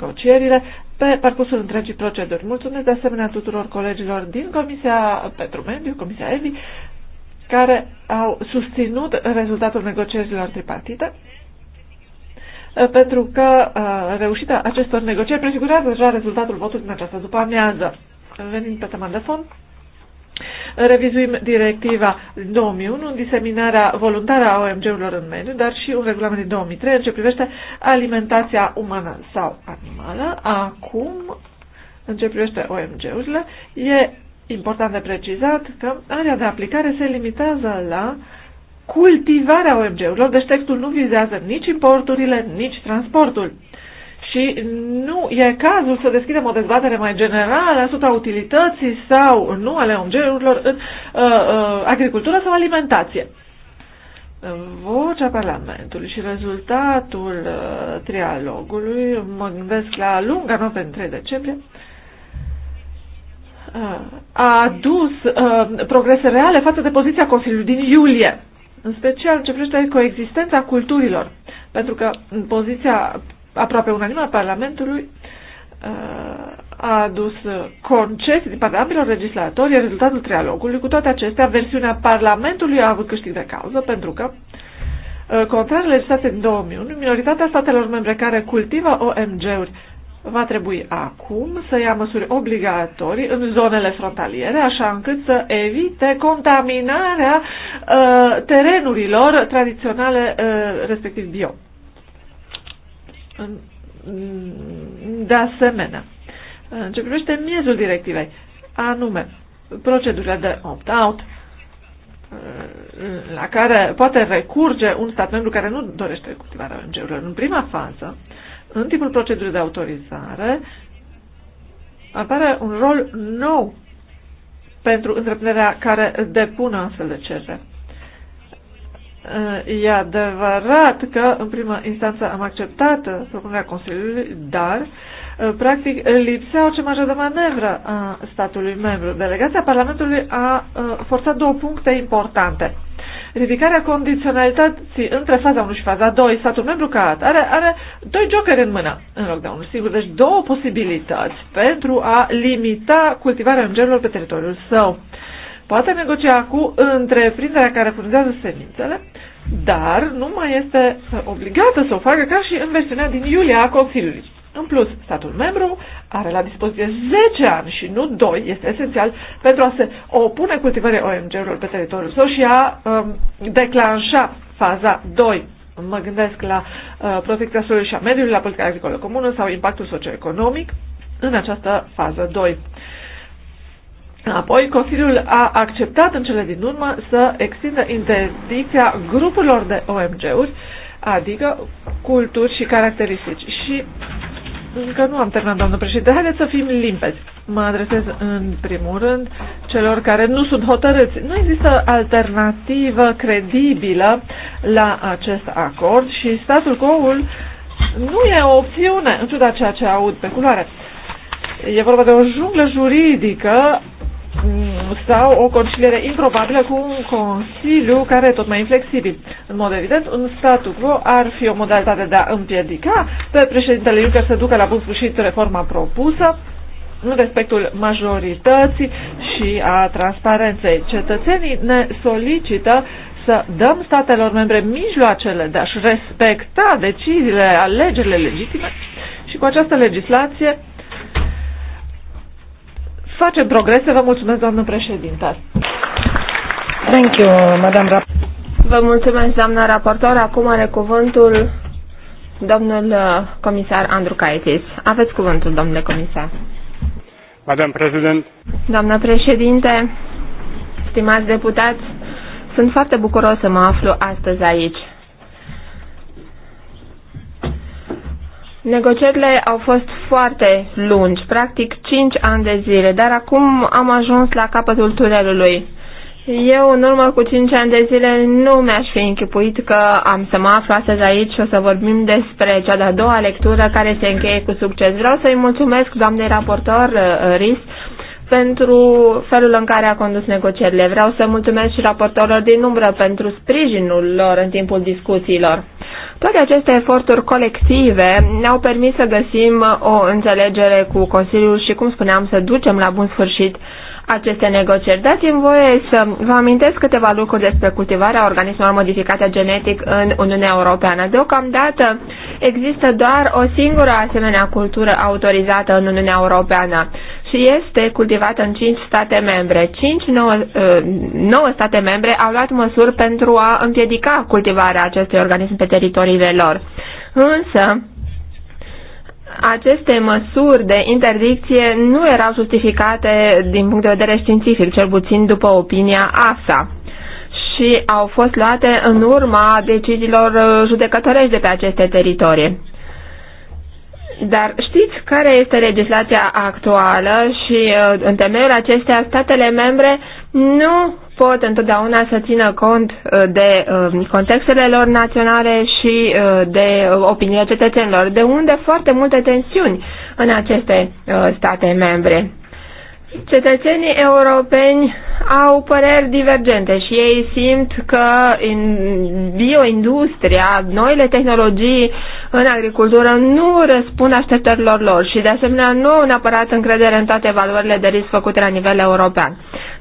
negocierile pe parcursul întregii proceduri. Mulțumesc de asemenea tuturor colegilor din Comisia pentru Mediu, Comisia EVI, care au susținut rezultatul negocierilor tripartite, eh, pentru că eh, reușita acestor negocieri prefigurează deja rezultatul votului în această după amiază. Venind pe tema de fond, Revizuim directiva 2001 în diseminarea voluntară a OMG-urilor în mediu, dar și un regulament din 2003 în ce privește alimentația umană sau animală. Acum, în ce privește OMG-urile, e important de precizat că area de aplicare se limitează la cultivarea OMG-urilor, deci textul nu vizează nici importurile, nici transportul și nu e cazul să deschidem o dezbatere mai generală asupra utilității sau nu ale omgerurilor în uh, uh, agricultură sau alimentație. Vocea Parlamentului și rezultatul uh, trialogului, mă gândesc la lunga noapte în 3 decembrie, uh, a adus uh, progrese reale față de poziția Consiliului din iulie, în special ce privește coexistența culturilor, pentru că poziția aproape unanimă a Parlamentului uh, a adus concesii din partea ambilor legislatori, e rezultatul trialogului. Cu toate acestea, versiunea Parlamentului a avut câștig de cauză, pentru că, uh, contrar legislației din 2001, minoritatea statelor membre care cultivă OMG-uri va trebui acum să ia măsuri obligatorii în zonele frontaliere, așa încât să evite contaminarea uh, terenurilor tradiționale, uh, respectiv bio de asemenea. În ce privește miezul directivei, anume procedura de opt-out, la care poate recurge un stat membru care nu dorește cultivarea ONG-urilor. În prima fază, în timpul procedurii de autorizare, apare un rol nou pentru întreprinderea care depună astfel de cerere. E adevărat că, în prima instanță, am acceptat propunerea Consiliului, dar, practic, lipsea orice marjă de manevră a statului membru. Delegația Parlamentului a forțat două puncte importante. Ridicarea condiționalității între faza 1 și faza 2, statul membru ca atare are doi jokeri în mână, în loc de unul singur, deci două posibilități pentru a limita cultivarea îngerilor pe teritoriul său poate negocia cu întreprinderea care furnizează semințele, dar nu mai este obligată să o facă ca și în versiunea din iulie a Consiliului. În plus, statul membru are la dispoziție 10 ani și nu 2, este esențial, pentru a se opune cultivării OMG-urilor pe teritoriul său și a um, declanșa faza 2. Mă gândesc la uh, protecția solului și a mediului, la politica agricolă comună sau impactul socioeconomic în această fază 2. Apoi, Consiliul a acceptat în cele din urmă să extindă interdicția grupurilor de OMG-uri, adică culturi și caracteristici. Și încă nu am terminat, doamnă președinte. Haideți să fim limpezi. Mă adresez în primul rând celor care nu sunt hotărâți. Nu există alternativă credibilă la acest acord și statul Coul nu e o opțiune, în ciuda ceea ce aud pe culoare. E vorba de o junglă juridică Mm, sau o conciliere improbabilă cu un Consiliu care e tot mai inflexibil. În mod evident, un statu quo ar fi o modalitate de a împiedica pe președintele Juncker să ducă la bun sfârșit reforma propusă, în respectul majorității și a transparenței. Cetățenii ne solicită să dăm statelor membre mijloacele de a-și respecta deciziile, alegerile legitime și cu această legislație facem progrese. Vă mulțumesc, doamnă președintă. Thank you, madam Vă mulțumesc, doamnă raportor. Acum are cuvântul domnul uh, comisar Andru Caetis. Aveți cuvântul, domnule comisar. Madame President. Doamnă președinte, stimați deputați, sunt foarte bucuros să mă aflu astăzi aici. Negocierile au fost foarte lungi, practic 5 ani de zile, dar acum am ajuns la capătul tunelului. Eu, în urmă cu 5 ani de zile, nu mi-aș fi închipuit că am să mă aflu astăzi aici și o să vorbim despre cea de-a doua lectură care se încheie cu succes. Vreau să-i mulțumesc doamnei raportor uh, RIS pentru felul în care a condus negocierile. Vreau să mulțumesc și raportorilor din umbră pentru sprijinul lor în timpul discuțiilor. Toate aceste eforturi colective ne-au permis să găsim o înțelegere cu Consiliul și, cum spuneam, să ducem la bun sfârșit aceste negocieri. Dați-mi voie să vă amintesc câteva lucruri despre cultivarea organismelor modificate genetic în Uniunea Europeană. Deocamdată există doar o singură asemenea cultură autorizată în Uniunea Europeană și este cultivată în 5 state membre. 5, 9, 9 state membre au luat măsuri pentru a împiedica cultivarea acestui organism pe teritoriile lor. Însă, aceste măsuri de interdicție nu erau justificate din punct de vedere științific, cel puțin după opinia ASA și au fost luate în urma deciziilor uh, judecătorești de pe aceste teritorii. Dar știți care este legislația actuală și uh, în temeiul acestea statele membre nu pot întotdeauna să țină cont uh, de uh, contextele lor naționale și uh, de opinia cetățenilor, de unde foarte multe tensiuni în aceste state membre. Cetățenii europeni au păreri divergente și ei simt că bioindustria, noile tehnologii în agricultură nu răspund așteptărilor lor și de asemenea nu au neapărat încredere în toate valorile de risc făcute la nivel european.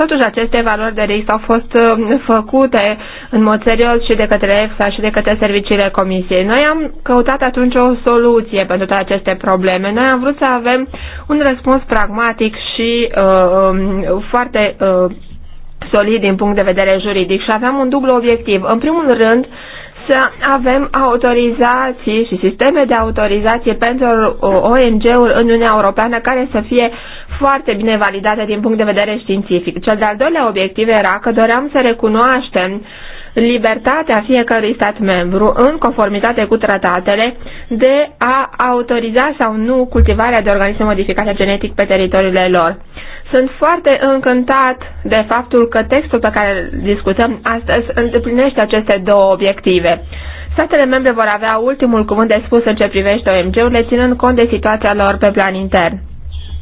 Totuși, aceste valori de risc au fost um, făcute în mod serios și de către EFSA și de către serviciile Comisiei. Noi am căutat atunci o soluție pentru toate aceste probleme. Noi am vrut să avem un răspuns pragmatic și uh, um, foarte uh, solid din punct de vedere juridic și aveam un dublu obiectiv. În primul rând, să avem autorizații și sisteme de autorizație pentru uh, ONG-uri în Uniunea Europeană care să fie foarte bine validate din punct de vedere științific. Cel de-al doilea obiectiv era că doream să recunoaștem libertatea fiecărui stat membru, în conformitate cu tratatele, de a autoriza sau nu cultivarea de organisme modificate genetic pe teritoriile lor. Sunt foarte încântat de faptul că textul pe care discutăm astăzi îndeplinește aceste două obiective. Statele membre vor avea ultimul cuvânt de spus în ce privește OMG-urile, ținând cont de situația lor pe plan intern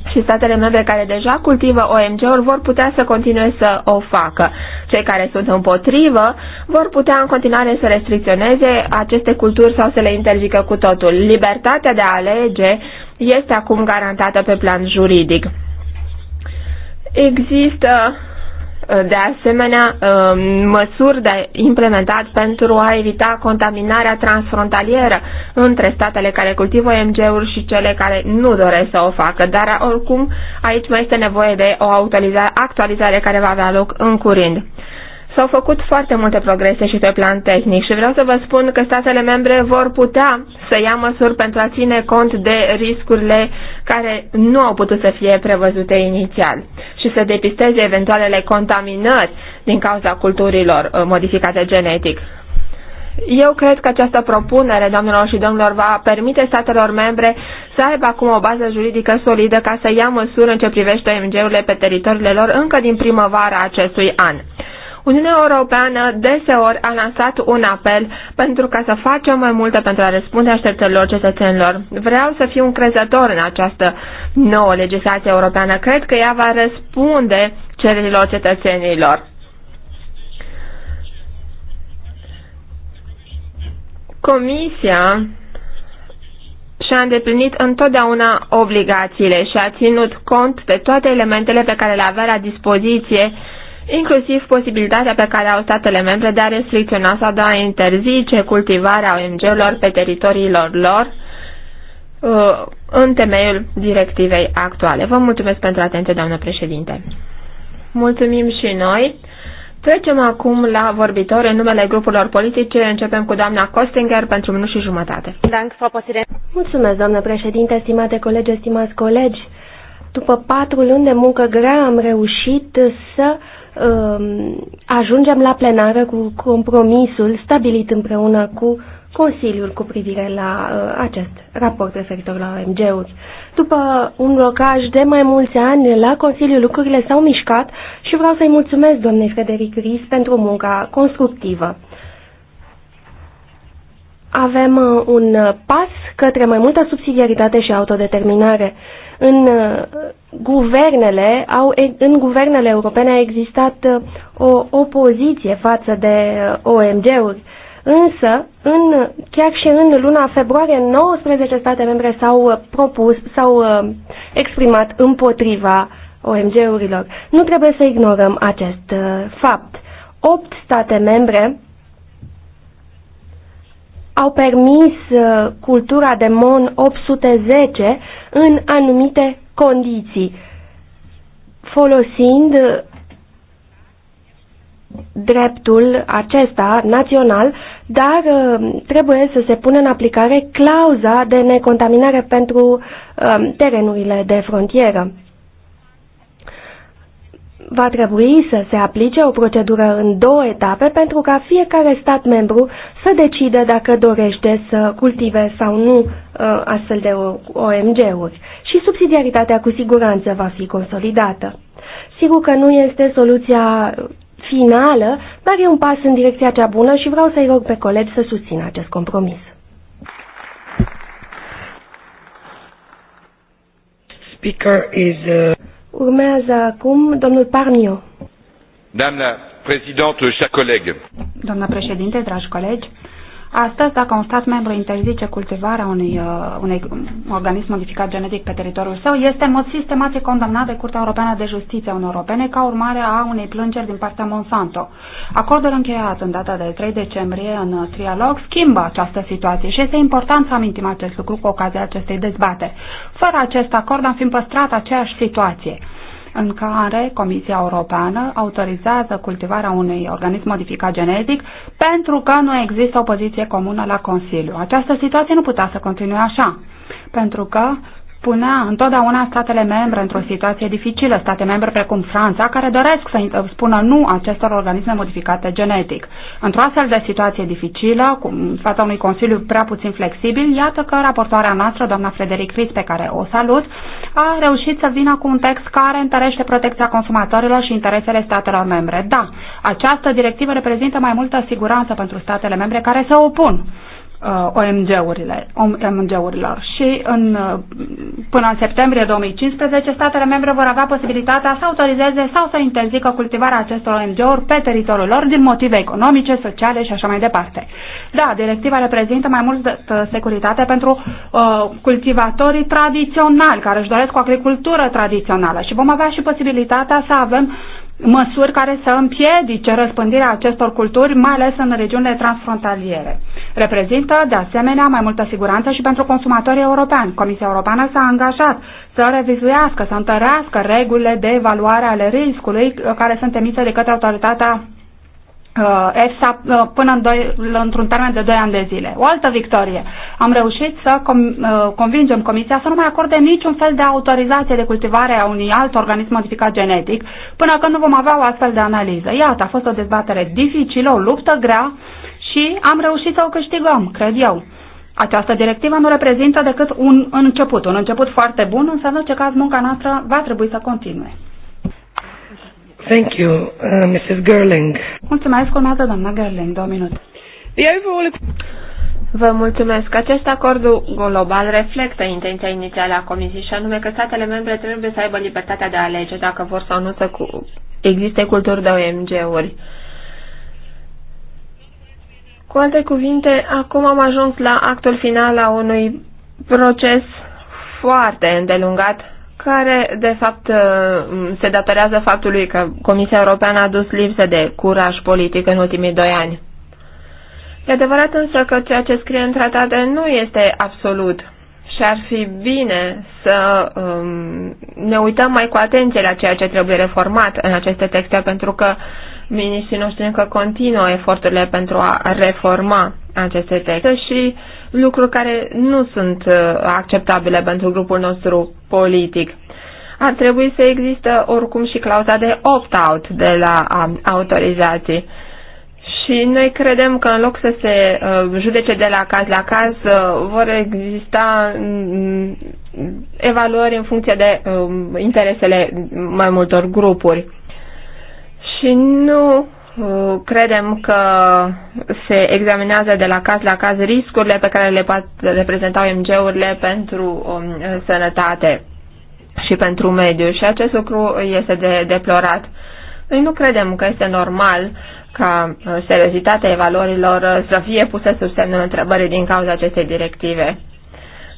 și statele membre care deja cultivă OMG-uri vor putea să continue să o facă. Cei care sunt împotrivă vor putea în continuare să restricționeze aceste culturi sau să le interzică cu totul. Libertatea de a alege este acum garantată pe plan juridic. Există de asemenea um, măsuri de implementat pentru a evita contaminarea transfrontalieră între statele care cultivă MG-uri și cele care nu doresc să o facă, dar oricum aici mai este nevoie de o actualizare care va avea loc în curând. S-au făcut foarte multe progrese și pe plan tehnic și vreau să vă spun că statele membre vor putea să ia măsuri pentru a ține cont de riscurile care nu au putut să fie prevăzute inițial și să depisteze eventualele contaminări din cauza culturilor uh, modificate genetic. Eu cred că această propunere, doamnelor și domnilor, va permite statelor membre să aibă acum o bază juridică solidă ca să ia măsuri în ce privește OMG-urile pe teritoriile lor încă din primăvara acestui an. Uniunea Europeană deseori a lansat un apel pentru ca să facem mai multe pentru a răspunde așteptărilor cetățenilor. Vreau să fiu încrezător în această nouă legislație europeană. Cred că ea va răspunde cererilor cetățenilor. Comisia și-a îndeplinit întotdeauna obligațiile și a ținut cont de toate elementele pe care le avea la dispoziție inclusiv posibilitatea pe care au statele membre de a restricționa sau de a interzice cultivarea ong urilor pe teritoriilor lor uh, în temeiul directivei actuale. Vă mulțumesc pentru atenție, doamnă președinte. Mulțumim și noi. Trecem acum la vorbitori în numele grupurilor politice. Începem cu doamna Costinger pentru minut și jumătate. Mulțumesc, doamnă președinte, stimate colegi, stimați colegi. După patru luni de muncă grea am reușit să uh, Um, ajungem la plenară cu compromisul stabilit împreună cu Consiliul cu privire la uh, acest raport referitor la OMG-uri. După un blocaj de mai mulți ani la Consiliu, lucrurile s-au mișcat și vreau să-i mulțumesc domnului Frederic Ries pentru munca constructivă. Avem uh, un uh, pas către mai multă subsidiaritate și autodeterminare. Uh, în uh, guvernele, au, în guvernele europene a existat uh, o opoziție față de uh, OMG-uri. Însă, în, chiar și în luna februarie, 19 state membre s-au propus, s-au exprimat împotriva OMG-urilor. Nu trebuie să ignorăm acest fapt. 8 state membre au permis uh, cultura de MON 810 în anumite condiții, folosind dreptul acesta național, dar uh, trebuie să se pună în aplicare clauza de necontaminare pentru uh, terenurile de frontieră va trebui să se aplice o procedură în două etape pentru ca fiecare stat membru să decide dacă dorește să cultive sau nu uh, astfel de OMG-uri și subsidiaritatea cu siguranță va fi consolidată. Sigur că nu este soluția finală, dar e un pas în direcția cea bună și vreau să-i rog pe colegi să susțină acest compromis. Speaker is, uh... Urmează acum domnul Parnio. Doamna președinte, dragi colegi, Astăzi, dacă un stat membru interzice cultivarea unui, uh, unui um, organism modificat genetic pe teritoriul său, este în mod sistematic condamnat de Curtea Europeană de Justiție a Uniunii Europene ca urmare a unei plângeri din partea Monsanto. Acordul încheiat în data de 3 decembrie în trialog schimbă această situație și este important să amintim acest lucru cu ocazia acestei dezbate. Fără acest acord am fi păstrat aceeași situație în care Comisia Europeană autorizează cultivarea unui organism modificat genetic pentru că nu există o poziție comună la Consiliu. Această situație nu putea să continue așa, pentru că punea întotdeauna statele membre într-o situație dificilă, state membre precum Franța, care doresc să spună nu acestor organisme modificate genetic. Într-o astfel de situație dificilă, cu fața unui Consiliu prea puțin flexibil, iată că raportoarea noastră, doamna Frederic Fritz, pe care o salut, a reușit să vină cu un text care întărește protecția consumatorilor și interesele statelor membre. Da, această directivă reprezintă mai multă siguranță pentru statele membre care se opun Uh, OMG-urile, OMG-urilor și în, uh, până în septembrie 2015 statele membre vor avea posibilitatea să autorizeze sau să interzică cultivarea acestor OMG-uri pe teritoriul lor din motive economice, sociale și așa mai departe. Da, directiva reprezintă mai mult uh, securitate pentru uh, cultivatorii tradiționali care își doresc o agricultură tradițională și vom avea și posibilitatea să avem uh, măsuri care să împiedice răspândirea acestor culturi, mai ales în regiunile transfrontaliere. Reprezintă, de asemenea, mai multă siguranță și pentru consumatorii europeni. Comisia Europeană s-a angajat să revizuiască, să întărească regulile de evaluare ale riscului care sunt emise de către autoritatea Uh, EFSA uh, până în doi, într-un termen de 2 ani de zile. O altă victorie. Am reușit să com, uh, convingem Comisia să nu mai acorde niciun fel de autorizație de cultivare a unui alt organism modificat genetic până când nu vom avea o astfel de analiză. Iată, a fost o dezbatere dificilă, o luptă grea și am reușit să o câștigăm, cred eu. Această directivă nu reprezintă decât un început, un început foarte bun, însă în orice caz munca noastră va trebui să continue. Thank you, uh, Mrs. Gerling. Mulțumesc, urmează doamna Gerling, două minute. Vă mulțumesc. Acest acord global reflectă intenția inițială a Comisiei și anume că statele membre trebuie să aibă libertatea de a alege dacă vor sau nu să cu... existe culturi de OMG-uri. Cu alte cuvinte, acum am ajuns la actul final a unui proces foarte îndelungat care de fapt uh, se datorează faptului că Comisia Europeană a dus lipsă de curaj politic în ultimii doi ani. E adevărat însă că ceea ce scrie în tratate nu este absolut și ar fi bine să um, ne uităm mai cu atenție la ceea ce trebuie reformat în aceste texte, pentru că miniștrii noștri încă continuă eforturile pentru a reforma aceste texte și uh, lucruri care nu sunt uh, acceptabile pentru grupul nostru politic. Ar trebui să există oricum și clauza de opt-out de la um, autorizații. Și noi credem că în loc să se uh, judece de la caz la caz, uh, vor exista mm, evaluări în funcție de um, interesele mai multor grupuri. Și nu Uh, credem că se examinează de la caz la caz riscurile pe care le pot reprezenta mg urile pentru um, sănătate și pentru mediu și acest lucru este de deplorat. Noi nu credem că este normal ca uh, seriozitatea evaluărilor uh, să fie pusă sub semnul întrebării din cauza acestei directive.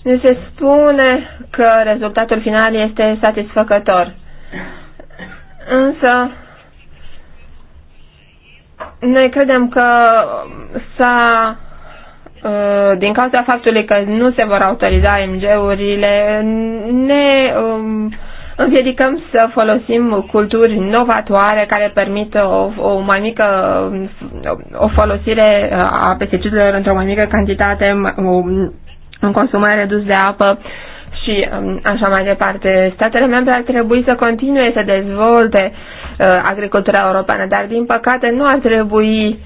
Ne se spune că rezultatul final este satisfăcător. Însă, noi credem că s-a uh, din cauza faptului că nu se vor autoriza MG-urile, ne um, împiedicăm să folosim culturi novatoare care permit o, o mai mică o folosire a pesticidelor într-o mai mică cantitate, um, un, consum mai redus de apă și um, așa mai departe. Statele membre ar trebui să continue să dezvolte uh, Uh, agricultura europeană, dar din păcate nu ar trebui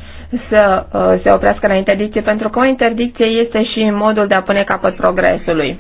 să uh, se oprească la interdicție, pentru că o interdicție este și modul de a pune capăt progresului.